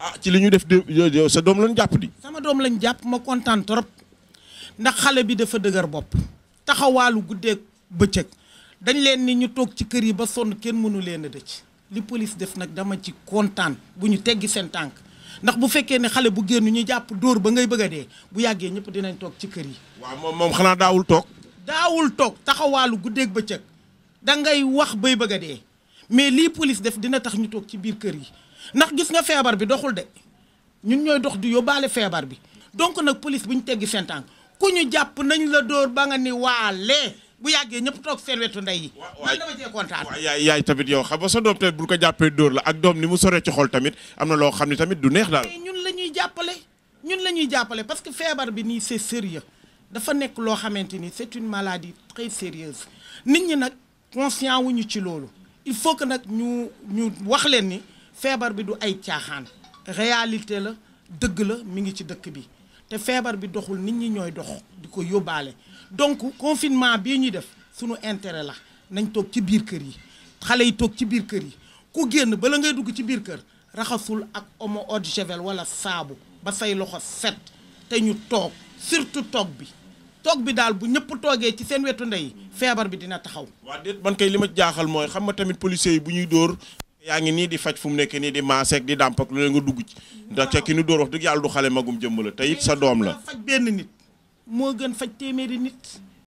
ah ci li ñu def de sa doom lañu jàpp di. sama doom lañ jàpp ma kontaan trop ndax xale bi dafa dëgër bopp taxawaalu guddeeg bëccëg dañ leen ni ñu toog ci kër yi ba sonn kenn mënu leen a dëcc li police def nag dama ci kontaan bu ñu teggi seen tànk ndax bu fekkee ne xale bu génn ñu jàpp dóor ba ngay bëgg a dee bu yàggee ñëpp dinañ toog ci kër yi. waaw moom moom xanaa daawul toog. daawul toog taxawaalu guddeeg bëccëg da ngay wax bay bëgg a dee mais lii police def dina tax ñu tok ci biir kër yi ndax gis nga febar bi doxul de ñun ñoy dox du yobale febar bi donc nak police bu ñu teggi seen tànk ku ñu jàpp nañ la dóor ba nga ni waalee bu yagge ñëpp tok sen wetu nday yi. man dama cee kontaan. yaay yaay tamit yow xam sa doom tamit bu ko jappé dóor la ak doom ni mu soré ci xol tamit amna lo xamni tamit du neex dal ñun lañuy jappalé ñun lañuy jappalé parce que febar bi ni c'est sérieux dafa nekk lo xamanteni c'est une maladie très sérieuse nit ñi nak conscient wuñu ci lolu il faut que nag ñu ñu wax leen ni feebar bi du ay caaxaan réalité la dëgg la mu ngi ci dëkk bi te feebar bi doxul nit ñi ñooy dox di ko yóbbaale donc confinement bii ñuy def sunu intérêt la nañ toog ci biir kër yi xale yi toog ci biir kër yi ku génn bala ngay dugg ci biir kër raxasul ak omo eau de javel wala saabu ba say loxo set te ñu toog surtout toog bi toog bi daal bu ñëpp toogee ci seen wetu ndey feebar bi dina taxaw. waa déet man kay li ma jaaxal mooy xam nga tamit policiers yi bu ñuy dóor yaa ngi nii di faj fu mu nekk nii di maaseek di dàmp lu leen nga dugg ci. ndax ca ki nu dóor wax dëgg yàlla du xale magum jëmm la te sa doom la. faj benn nit moo gën faj téeméeri nit.